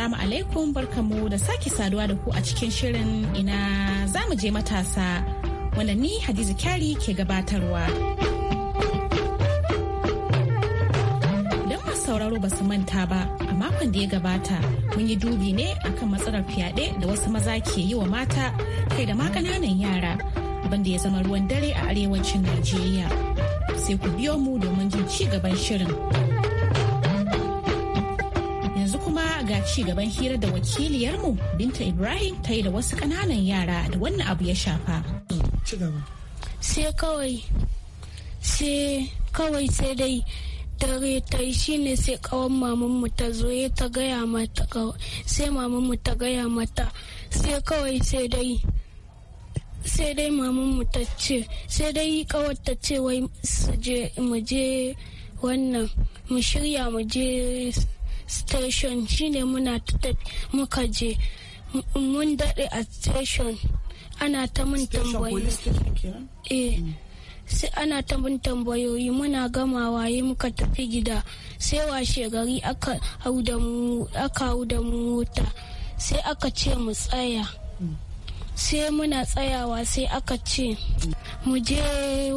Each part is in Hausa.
Assalamu alaikum barkamu da sake saduwa da ku a cikin shirin ina za mu je matasa wanda ni Hadiza Kyari ke gabatarwa. don masu sauraro ba su manta ba a makon da ya gabata mun yi dubi ne akan matsalar fyaɗe da wasu maza ke yi wa mata kai da ma ƙananan yara banda ya zama ruwan dare a arewacin Najeriya. Sai ku biyo mu domin jin ci gaban shirin. ci gaban hira da wakiliyarmu Binta Ibrahim ta yi da wasu ƙananan yara da wannan abu ya shafa. Sai kawai sai kawai sai dai dare ta yi shine sai kawan mamanmu ta zo ya ta gaya mata sai mamanmu ta gaya mata sai kawai sai dai sai dai mamanmu ta ce sai dai kawar ta ce wai mu je wannan mu shirya mu je station shine muna muka je mun daɗe a station ana ta mun tambayoyi eh mm. sai ana ta mun tambayoyi muna gama waye muka tafi gida sai washe gari aka hau da mu aka hau da mu wuta sai aka ce mu tsaya mm. sai muna tsayawa sai aka ce mu je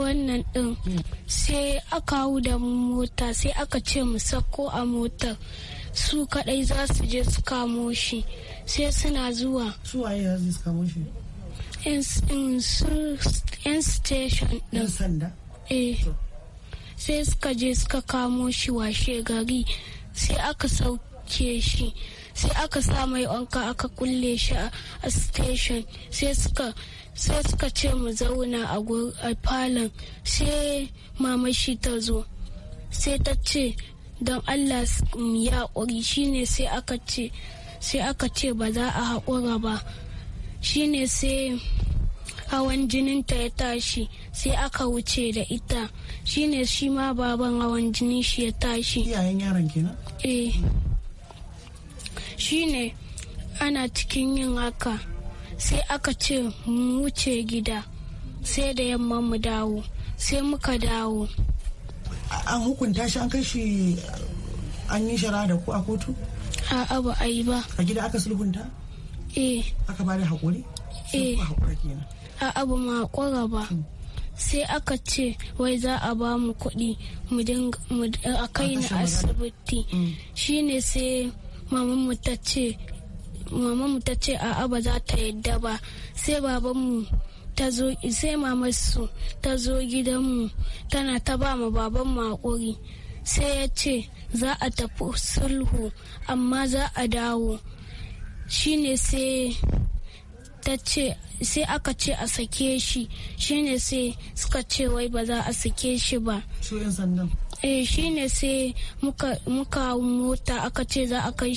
wannan din mm. sai aka hau da mu mota sai aka ce mu sako a motar su kadai za su je su kamo shi sai suna zuwa su waye za su kamo shi yan station din sanda eh sai suka je suka kamo shi washe gari sai aka sauke shi sai aka sa mai wanka aka kulle shi a station sai suka sai suka ce mu zauna a falon sai mama shi ta zo sai ta ce don allah ya haƙuri shine sai aka sai aka ce ba za a haƙura ba shine sai hawan jininta ya tashi sai aka wuce da ita shine shi ma baban hawan jinin shi ya tashi iyayen yaron eh shine ana cikin yin haka sai aka ce mu wuce gida sai da yamma mu dawo sai muka dawo an hukunta shi an kai shi an yi shara da ku a kotu? A'a ba a yi ba. A gida aka sulhunta? e Aka da haƙuri? e eh. a ba ma ƙwara ba. Hmm. Sai aka ce wai za a ba mu kuɗi mu a kai na asibiti. Hmm. Shi ne sai mamamu ta ce a ba za ta yadda ba sai babanmu ta zo sai su ta zo gidanmu tana ta ba mu baban hakuri sai ya ce za a tafi sulhu amma za a dawo shine sai ta ce sai aka ce a sake shi shine sai suka ce wai ba za a sake shi ba eh shine sai muka muka mota aka ce za a kai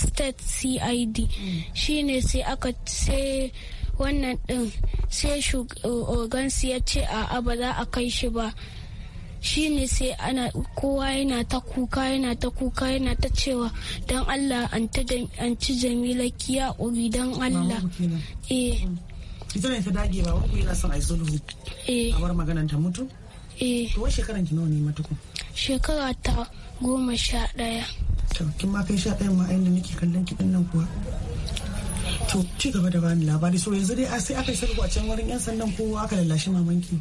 state cid mm. shine sai aka sai wannan din sai ogansu ya ce a'a ba za a kai shi ba shi ne sai ana kowa yana ta kuka yana ta kuka yana ta cewa don allah an ci jamila kiya uri don allah eh ita ne ta dage ba wani yana son a yi sulhu eh. a bar maganan ta mutu eh to wai shekaran ki nawa ne matukun shekara ta goma sha ɗaya. to kin ma kai sha ɗaya ma inda nake kallon ki nan kuwa to ci gaba da bani labari so yanzu dai sai aka yi sarko a can wurin yan sandan ko aka lallashi mamanki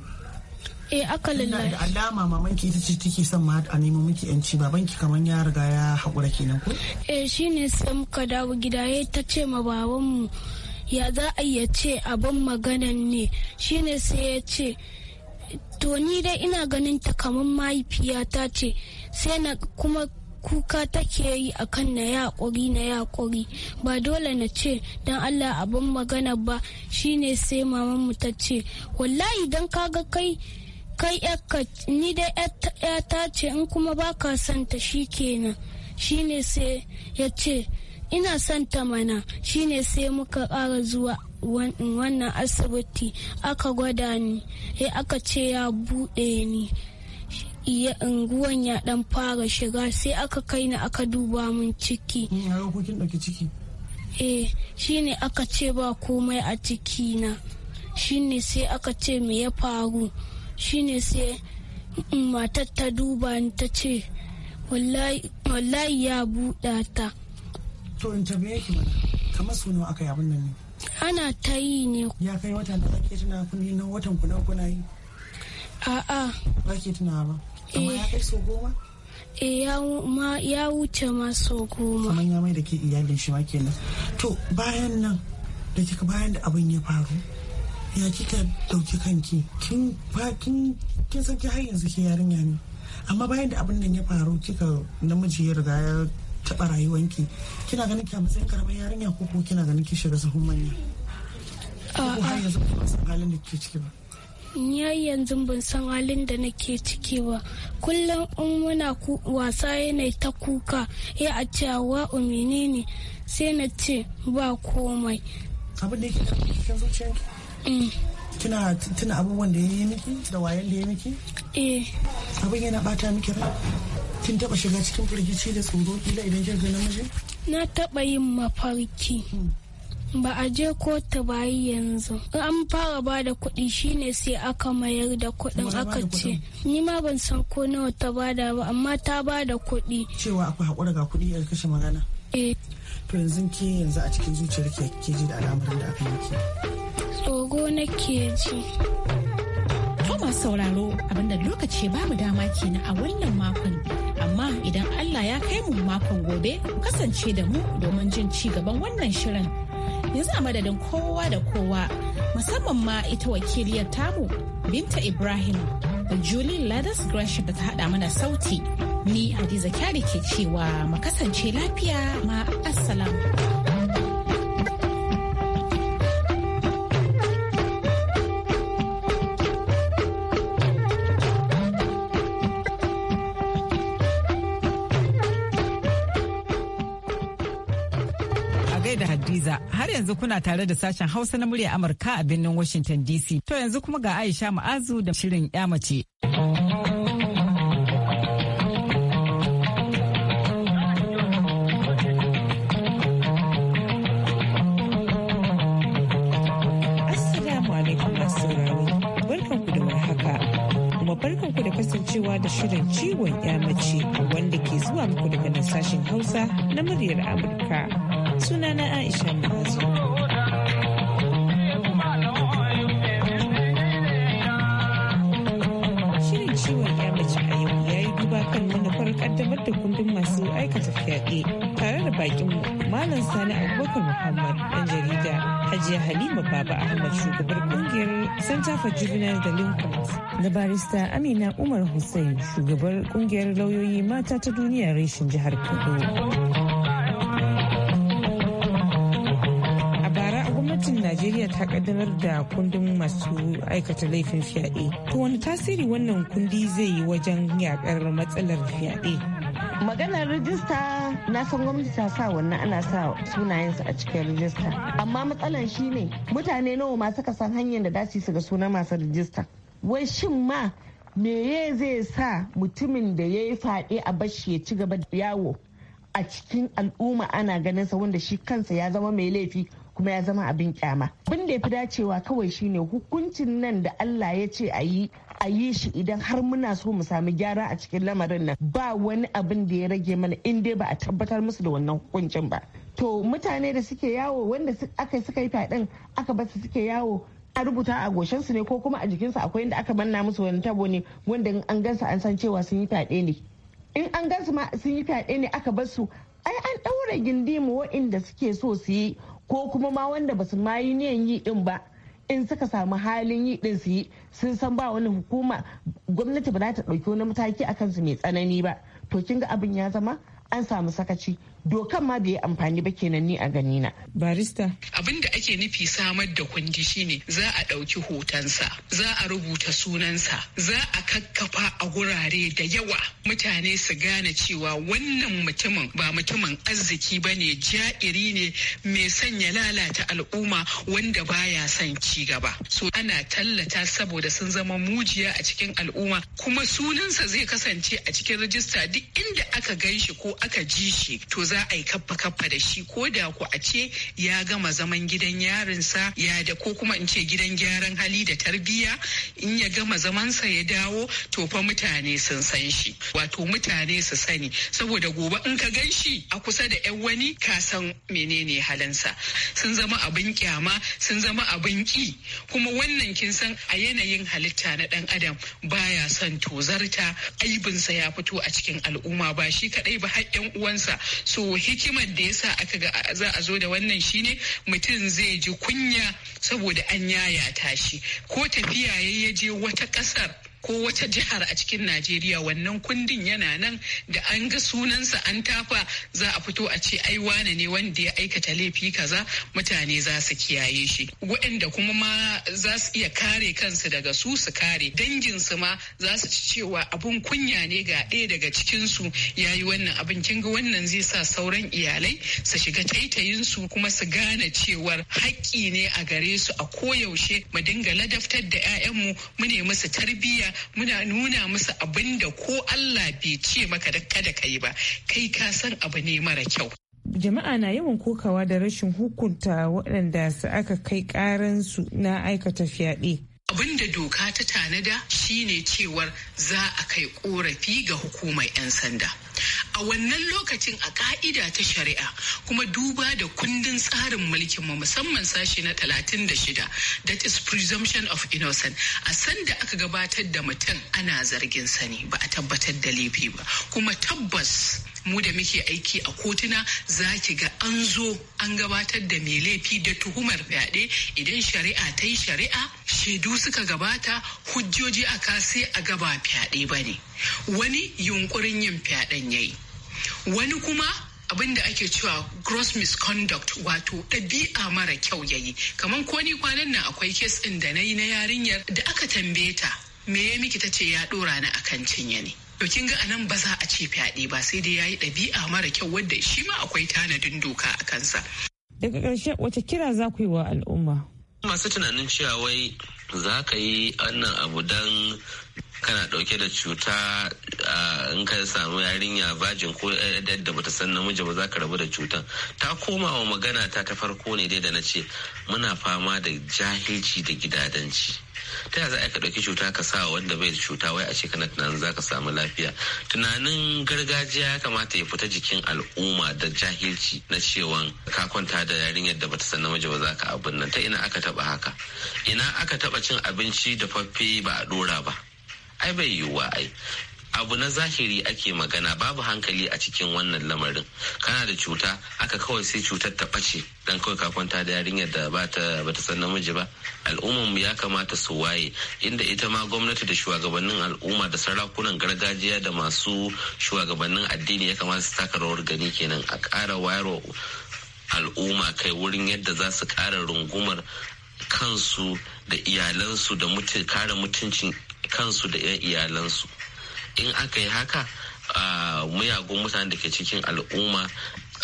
eh aka lallashi da alama mamanki ita ce take son ma a nemo miki yanci babanki kamar ya riga ya haƙura kenan ko eh shine sai muka dawo gida yayi ta ce ma babanmu ya za a iya ce abin magana ne shine sai ya ce to ni dai ina ganin ta kamar mahaifiyata ce sai na kuma kuka take yi a kan na yaƙuri na yaƙuri ba dole na ce don allah abin magana ba shine sai mamanmu ta ce wallahi don kaga kai kai yaka ni ya ta ce in kuma ba ka santa shi kenan shine sai ya ce ina santa mana shine sai muka ƙara zuwa wannan asibiti aka gwada ni aka ce ya buɗe ni iya unguwan ya dan fara shiga sai aka kai ni aka duba min ciki ciki eh shine aka ce ba komai a ciki na shine sai aka ce me ya faru shine sai matar ta duba ni ta ce wallahi ya buɗa ta to in tambaye ki mana kamar su aka yi abin nan ne ana ta yi ne ya kai wata da ake tana kun na watan kuna kuna yi A'a. Ba ke tuna ba. Amma ya eh. kai sau goma? E ya wuce ma so goma. Kamar ya mai da ke iyalin shi ma kenan. To bayan nan da kika bayan da abin ya faru ya kika dauki kanki kin kin kin san ki har yanzu ke yarinya ne. Amma bayan da abin nan ya faru kika namiji ya riga ya taba rayuwanki kina ganin ki a matsayin karamar yarinya ko ko kina ganin ki shiga sahun manya. Ko har yanzu ba san halin da kike ciki ba. ni har yanzu ban san halin da nake ciki ba kullum in muna wasa yanayi ta kuka ya a cewa umini ne sai na ce ba komai abin da yake cikin zuciyarki mm. kina tuna abubuwan da ya yi miki da wayan da ya miki eh abin yana bata miki rai kin taba shiga cikin firgici da tsoro kila idan kin ga namiji na taba yin mafarki hmm. ba a je kotu ba yanzu an fara ba da kuɗi shine sai aka mayar da kuɗin aka ce ni ma ban san ko nawa ta bada ba amma ta bada kuɗi cewa akwai haƙura ga kuɗi yar kashe magana eh. to yanzu ke yanzu a cikin zuciyar ke ke ji da al'amarin da aka yi tsoro nake ji to masu sauraro abinda lokaci babu dama ke na a wannan makon amma idan Allah ya kai mu makon gobe kasance da mu domin jin ci gaban wannan shirin yanzu a madadin kowa da kowa musamman ma ita wakiliyar tamu binta ibrahim da julie ladas gresham da ta hada mana sauti ni hadiza kyari ke cewa kasance lafiya ma assalamu yanzu kuna tare da sashen Hausa na murya Amurka a birnin Washington DC. To yanzu kuma ga Aisha Ma'azu da shirin 'ya mace. barkanku da kasancewa da shirin ciwon ya mace wanda ke zuwa muku daga nan sashen hausa na muryar amurka sunana Aisha Mu'azu. Shirin ciwon ya mace a yau ya yi duba kan manufar kaddamar da kundin masu aikata fyaɗe tare da bakinmu Malam Sani Abubakar Muhammad ɗan jarida Hajiya Halima Baba Ahmad shugabar kungiyar Center for Juvenile Delinquents da barista Amina Umar Hussein shugabar kungiyar lauyoyi mata ta duniya reshen jihar Kano. ta da kundin masu aikata laifin fyaɗe. To wani tasiri wannan kundi zai yi wajen yaƙar matsalar fyaɗe? maganar rijista na san gwamnati ta sa wannan ana sa sunayensu a cikin rijista amma matsalan shine mutane nawa ma suka san hanyar da dace su ga sunan masu rijista wai shin ma meye zai sa mutumin da ya yi fade a bashi ya ci gaba da yawo a cikin al'umma ana ganin sa wanda shi kansa ya zama mai laifi kuma ya zama abin kyama abin da ya fi dacewa kawai shine hukuncin nan da Allah ya ce a yi a yi shi idan har muna so mu sami gyara a cikin lamarin nan ba wani abin da ya rage mana in dai ba a tabbatar musu da wannan hukuncin ba to mutane da suke yawo wanda aka suka yi fadin aka basu suke yawo a rubuta a su ne ko kuma a jikinsu akwai inda aka manna musu wani tabo ne wanda an gansa an san cewa sun yi fyaɗe ne in an gansu ma sun yi fyaɗe ne aka basu ai an ɗaura gindi mu wa'inda suke so su yi ko kuma ma wanda basu ma yi niyan yi din ba in suka samu halin yi din su yi sun san ba wani hukuma gwamnati ba za ta ɗauki wani mataki a kansu mai tsanani ba to kinga abin ya zama an samu sakaci dokan ma bai amfani ba kenan ni a gani na. Barista. Abin da ake nufi samar da kundi shine za a ɗauki hotonsa, za a rubuta sunansa, za a kakkafa a gurare da yawa mutane su gane cewa wannan mutumin ba mutumin arziki ba ne ja'iri ne mai sanya lalata al'umma wanda baya son ci gaba. So ana tallata saboda sun zama mujiya a cikin al'umma kuma sunansa zai kasance a cikin rijista duk inda aka ganshi ko aka ji shi to za za a yi kaffa kaffa da shi ko da ku a ce ya gama zaman gidan yarinsa ya da ko kuma in ce gidan gyaran hali da tarbiyya in ya gama zamansa ya dawo to fa mutane sun san shi wato mutane su sani saboda gobe in ka gan shi a kusa da yan wani ka san menene halinsa sun zama abin kyama sun zama abin ki kuma wannan kin san a yanayin halitta na dan adam baya son tozarta aibinsa ya fito a cikin al'umma ba shi kadai ba har yan uwansa so so hikimar da yasa aka ga za a zo da wannan shine mutum zai ji kunya saboda an yaya tashi ko tafiya ya je wata kasar. ko wata jihar a cikin Najeriya wannan kundin yana nan da an ga sunansa an tafa za a fito a ce ai wane ne wanda ya aikata laifi kaza mutane za su kiyaye shi waɗanda kuma ma za su iya kare kansu daga su su kare danginsu ma za su ci cewa abun kunya ne ga ɗaya daga cikinsu ya yi wannan abin kin ga wannan zai sa sauran iyalai su shiga taitayinsu kuma su gane cewar haƙƙi ne a gare su a koyaushe mu dinga ladaftar da 'ya'yanmu mu ne musu tarbiyya muna nuna musu abin da ko Allah bai ce maka da kada ka yi ba kai ka san abu ne mara kyau jama'a na yawan kokawa da rashin hukunta waɗanda su aka kai ƙaransu na aikata fyaɗe abin da doka ta tanada shine cewar za a kai ƙorafi ga hukumar 'yan sanda a wannan lokacin a ka'ida ta shari'a kuma duba da kundin tsarin mulkin mu musamman sashi na 36 that is presumption of innocent a sanda aka gabatar da mutum ana zargin sani ba a tabbatar da laifi ba kuma tabbas mu da muke aiki a kotuna za ki ga an zo an gabatar da mai laifi da tuhumar fyaɗe idan shari'a ta yi shari'a shaidu suka gabata hujjoji aka sai a gaba fyaɗe ba ne wani yunkurin yin fyaɗen yi. wani kuma abin da ake cewa gross misconduct wato ɗabi'a mara kyau yayi kamar ko ni kwanan nan akwai kes ɗin da na yi na yarinyar da aka tambaye ta me ya miki ta ce ya ɗora ni kan cinya ne to kin ga anan ba za a ce fyaɗe ba sai dai yayi ɗabi'a mara kyau wadda shi ma akwai tanadin doka a kansa daga ƙarshe wace kira za ku yi wa al'umma masu tunanin cewa wai za ka yi wannan abu don kana dauke da cuta in ka samu yarinya bajin ko yadda bata san namiji ba za ka rabu da cutan ta koma wa magana ta ta farko ne dai da na ce muna fama da jahilci da gidadanci ta yaya za ka ɗauki cuta ka sa wanda bai da cuta wai a ce kana tunanin za ka samu lafiya tunanin gargajiya ya kamata ya fita jikin al'umma da jahilci na cewa ka kwanta da yarinyar da bata san namiji ba za ka abin nan ta ina aka taba haka ina aka taba cin abinci da faffe ba a dora ba ai bai yiwuwa ai abu na zahiri ake magana babu hankali a cikin wannan lamarin kana da cuta aka kawai sai cutar ta ɓace dan kawai ka kwanta da yarinyar da ba bata san namiji ba al'umman ya kamata su waye inda ita ma gwamnati da shugabannin al'umma da sarakunan gargajiya da masu shugabannin addini ya kamata su taka rawar gani kenan a ƙara wayarwa al'umma kai wurin yadda za su ƙara rungumar kansu da iyalansu da kare mutuncin kansu da 'yan iyalansu in aka yi haka muyagun mutane da ke cikin al'umma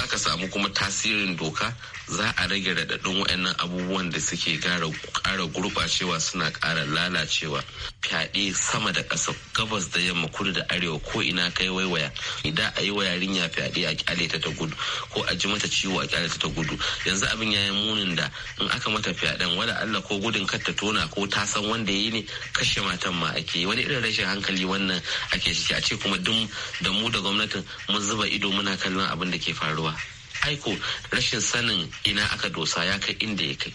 aka samu kuma tasirin doka za a rage raɗaɗin waɗannan abubuwan da suke ƙara gurɓacewa suna ƙara lalacewa fyaɗe sama da ƙasa gabas da yamma kudu da arewa ko ina kai waiwaya idan a yi wa yarinya fyaɗe a ƙyale ta gudu ko a ji mata ciwo a ƙyale ta ta gudu yanzu abin ya yi munin da in aka mata fyaɗen wala Allah ko gudun kar ta tona ko ta san wanda ya yi ne kashe matan ma ake yi wani irin rashin hankali wannan ake ciki a ce kuma duk da mu da gwamnatin mun zuba ido muna kallon abin da ke faruwa ba aiko rashin sanin ina aka dosa ya kai inda ya kai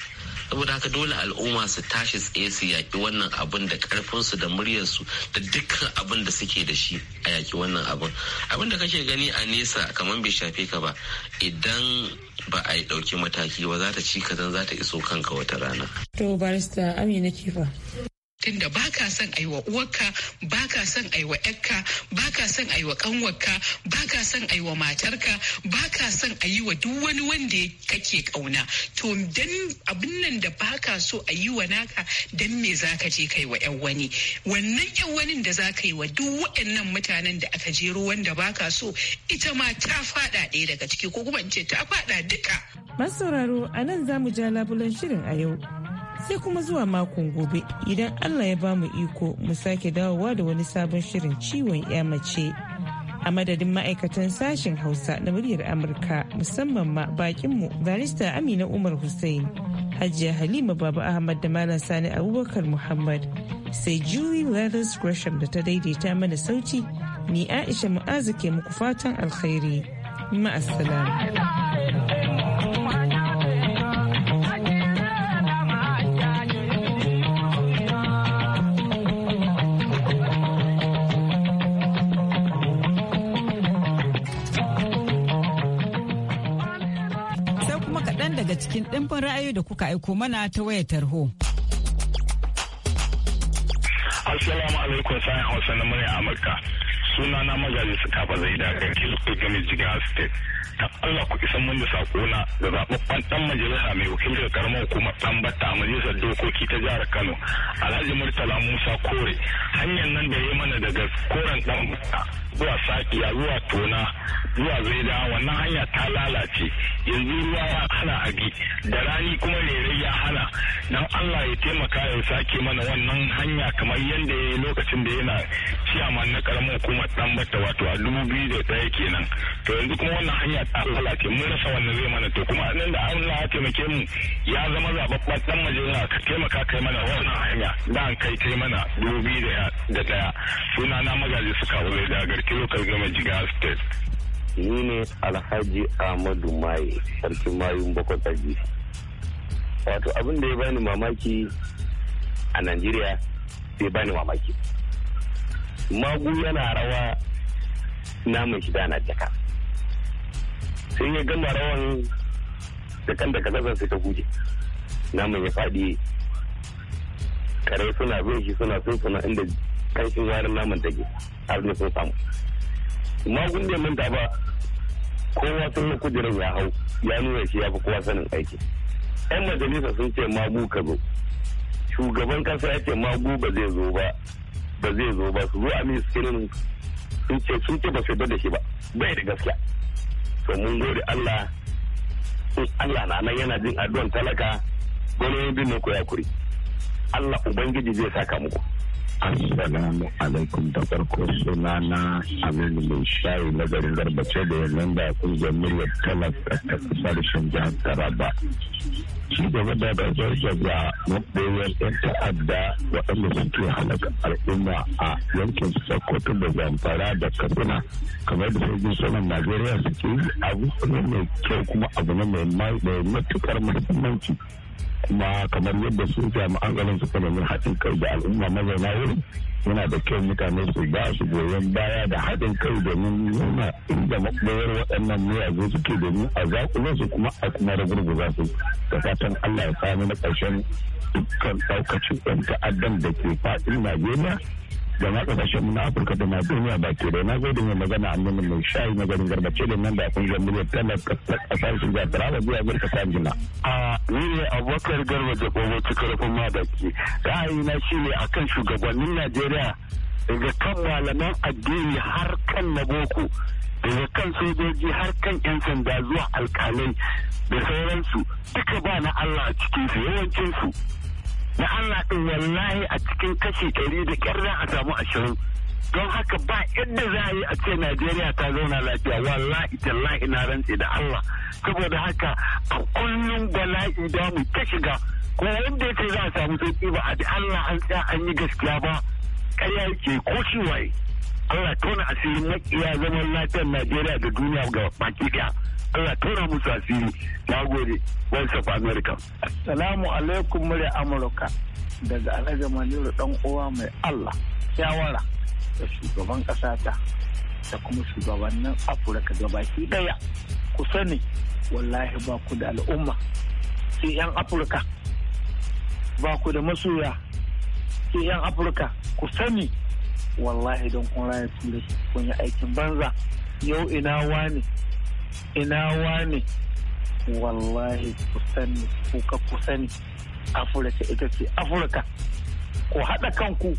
saboda haka dole al'umma su tashi tsaye su yaƙi wannan abin da ƙarfinsu da muryarsu da dukkan abun da suke da shi a yaƙi wannan abin abin da kake gani a nesa kamar bai shafe ka ba idan ba a yi ɗauki mataki ba za ta ci ka zan za ta iso kanka wata rana. to barista amina kifa tunda ba ka son aiwa uwarka ba ka son aiwa yakka ba ka son aiwa kanwarka ba ka son wa matarka ba ka son a yi wa duk wani wanda kake kauna to dan abin nan da ba ka so a yi wa naka dan me za ka je kai wa yan wani wannan yan wani da za ka yi wa duk waɗannan mutanen da aka jero wanda ba ka so ita ma ta fada ɗaya daga ciki ko kuma in ce ta fada duka. masauraro a nan za mu ja labulen shirin a yau sai kuma zuwa makon gobe idan Allah ya ba mu iko mu sake dawowa da wani sabon shirin ciwon ya mace. A madadin ma'aikatan sashen Hausa na muryar Amurka musamman ma bakinmu barista Amina Umar Hussein, Hajiya Halima Baba Ahmad da Malam Sani Abubakar Muhammad, sai Julie Leathers Gresham da ta daidaita mana sauti, ni Aisha Mu'azu ke muku fatan alkhairi. Ma'assalam. ɗimbin ra'ayoyi da kuka aiko mana ta wayar tarho. Assalamu alaikum sa'in Hausa na murya Amurka. Sunana magaji su kafa zai daga Kilko Gami Jigawa State. Allah ku isan mun da sakona da zababban dan majalisa mai wakiltar karamar hukumar tambata a majalisar dokoki ta jihar Kano Alhaji Murtala Musa Kore hanyar nan da ya mana daga koren dan zuwa sakiya zuwa tona zuwa zaida wannan hanya ta lalace yanzu ruwa ya hana bi da rani kuma rai ya hana dan Allah ya taimaka ya sake mana wannan hanya kamar yadda ya lokacin da yana ciyaman na karamar hukumar tambata wato a dubu biyu da ɗaya kenan to yanzu kuma wannan hanya ta wahala ce mun rasa wannan zai mana to kuma nan da Allah ya taimake mu ya zama zababban dan majina. ka taimaka kai mana wannan hanya da an kai kai mana dubi da daya suna na magaji suka wule da garki local government jiga state ni ne alhaji Amadu maye sarkin mayun bakwai tsagi wato abin da ya bani mamaki a najeriya sai bani mamaki magu yana rawa namun shi da na jaka sai ya gama rawan da kan daga nazar sai ta guje naman ya faɗi kare suna bin shi suna sun suna inda kanshin warin naman ke har ne sun samu mun da ba kowa sun yi kujerar ya hau ya nuna shi ya fi kowa sanin aiki yan majalisa sun ce magu ka zo shugaban kasa ya ce magu ba zai zo ba ba zai zo ba su zo a miskirin sun ce sun ce ba su da shi ba bai da gaskiya to mun gode Allah in Allah na nan yana jin addu'an talaka gwamnati bin ku ya kuri Allah ubangiji zai saka muku Assalamu alaikum da farko suna na Aminu mai shayi na garin garbace da yanzu da kungiyar muryar da ta kusa da shan jihar Taraba. Ci gaba da da zargaza maɓoyar 'yan ta'adda waɗanda suke halaka al'umma a yankin Sokoto da Zamfara da Katsina kamar da sojin sanar Najeriya suke yi abu ne mai kyau kuma abu ne mai matuƙar muhimmanci. kuma kamar yadda su jami'an tsaron suka nemi haɗin kai da al'umma mazauna wurin yana da kyau mutane su ba su goyon baya da haɗin kai domin nuna inda maɓoyar waɗannan miyazu suke domin a zaƙulo su kuma a kuma ragurguza su da fatan allah ya sami na ƙarshen dukkan ɗaukacin ɗan ta'addan da ke faɗin najeriya da ma kasashen mu na Afirka da ma duniya baki da na gode mai magana annabi mai shayi na garin garbace da nan da kun jamhuriyar da kasar su ga da zuwa ta jina a ni ne Abubakar Garba da Bobo Cikarfin Madaki ra'ayina shine akan shugabannin Najeriya daga kan malaman addini har kan na boko daga kan sojoji har kan 'yan sanda zuwa alkalai da sauransu duka ba na Allah a cikinsu yawancinsu na Allah ɗin wallahi a cikin kashi ɗari da ƙyar a samu ashirin don haka ba yadda za a yi a ce Najeriya ta zauna lafiya wallahi tallahi na rantse da Allah saboda haka a kullum bala'i da mu ta shiga ko wanda ya ce za a samu sauki ba a Allah an tsaya an yi gaskiya ba ƙarya yake ko waye Allah tona asirin makiya zaman lafiyar Najeriya da duniya ga baki ɗaya. Allah tura musu asiri na gode voice of america salamu alaikum murya amurka daga alhaji maniru dan uwa mai allah shawara da shugaban kasa ta da kuma shugabannin afirka gabaki daya ku sani wallahi ba ku da al'umma su yan afirka ba ku da masoya su yan afirka ku sani wallahi don kun raya turai kun yi aikin banza yau ina wani ina wane wallahi ku sani kuka ku sani afirka ita ce afirka ku haɗa kanku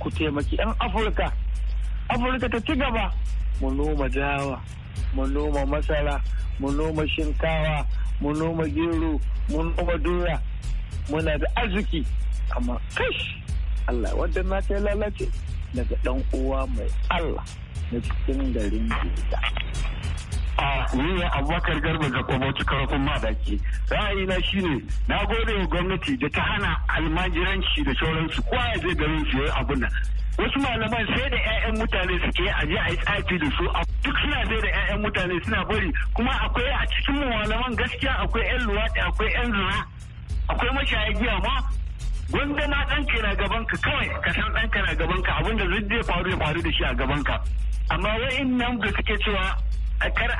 ku taimaki 'yan afirka afirka ta ci gaba mu noma dawa mu noma masara mu noma shinkawa mu noma gero mu noma doya muna da arziki amma kash allah wadda na ta lalace daga ɗan uwa mai allah na cikin garin gida a ni abubakar garba ga kwaboci karafin madaki ra'ayina shine na gode wa gwamnati da ta hana almajiranci da sauransu kowa ya zai garin su yayi abun nan wasu malaman sai da 'ya'yan mutane suke ke aje a yi tsafi da su duk suna sai da 'ya'yan mutane suna bari kuma akwai a cikin malaman gaskiya akwai 'yan luwaɗi akwai 'yan zura akwai mashaya giya ma gwanda ma ɗanka na gaban ka kawai ka san ɗanka na gaban ka abinda zai faru ya faru da shi a gaban ka amma wa'in nan da suke cewa kar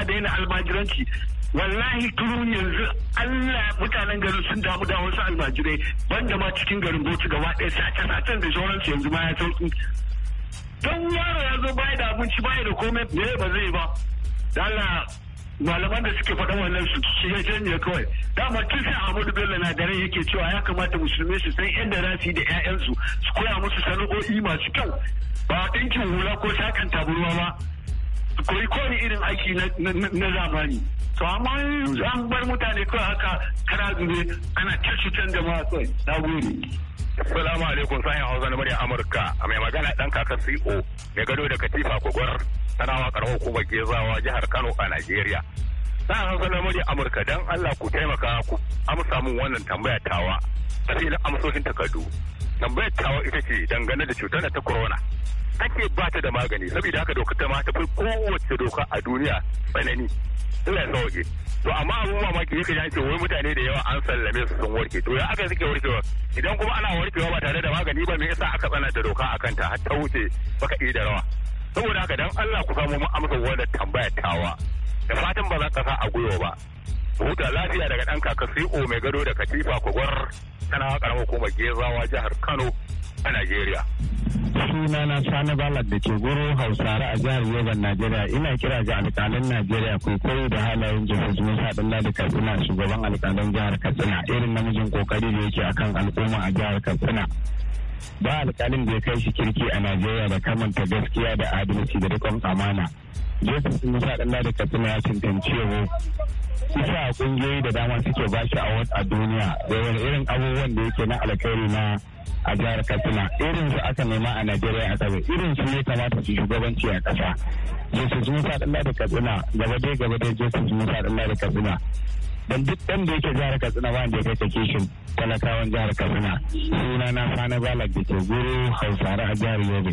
a daina almajiranci wallahi turun yanzu Allah mutanen garin sun damu da wasu almajirai banda ma cikin garin Bauchi gaba ɗaya sace-sacen da sauransu yanzu ma ya sauki. Don yaro ya zo baya da abinci baya da komai me ba zai ba. dala malaman da suke faɗa wannan su ya janye kawai dama tun sai Ahmadu Bello na dare yake cewa ya kamata musulmi su san yadda za su yi da 'ya'yansu su koya musu sana'o'i masu kyau ba ɗinkin hula ko sakan taburwa ba koyi kowane irin aiki na zamani to amma an bar mutane kawai haka kana zube ana ta cutar jama'a kawai na gode Salamu alaikum sahin Hausa na murya Amurka mai magana dan kakar CO mai gado da Katifa Kogor sanawa karamar kuma Gezawa jihar Kano a Najeriya. Sahin Hausa na murya Amurka dan Allah ku taimaka ku amsa min wannan tambaya tawa. Tafilin amsoshin takardu. Tambayar tawa ita ce dangane da cutar da ta corona. ake ba ta da magani saboda haka doka ta ma ta fi kowace doka a duniya tsanani ina waje to amma abun mamaki yake ya ce wai mutane da yawa an sallame su sun warke to ya aka suke warkewa idan kuma ana warkewa ba tare da magani ba me yasa aka tsana tsananta doka a kanta har ta wuce baka iya da rawa saboda haka dan Allah ku samu mu amsa wannan tambaya tawa da fatan ba za ka sa a gwiwa ba huta lafiya daga dan kaka sai o mai gado da katifa kogwar tana karamar hukumar gezawa jihar kano a Najeriya. suna na sani balad da ke goro hausare a jihar Yoruba najeriya ina kira ga alkalan najeriya ku koyi da halayen jihar musa da katsina shugaban alƙalin jihar katsina irin namijin kokari da yake akan al'umma a jihar katsina ba alƙalin da ya kai shi kirki a najeriya da kamanta gaskiya da adalci da rikon amana jesus musa dalla da katsina ya cancanci yabo isa ƙungiyoyi da dama suke ba bashi a duniya da irin abubuwan da yake na alkhairi na a jihar katsina irin su aka nema a najeriya a tsaye irin su ne kamata su shugabanci a ƙasa jesus musa dalla da katsina gaba dai gaba dai jesus musa dalla da katsina dan duk ɗan da yake jihar katsina ba da ya kai kishin talakawan jihar katsina suna na sani balak da ke guru hausare a jihar yobe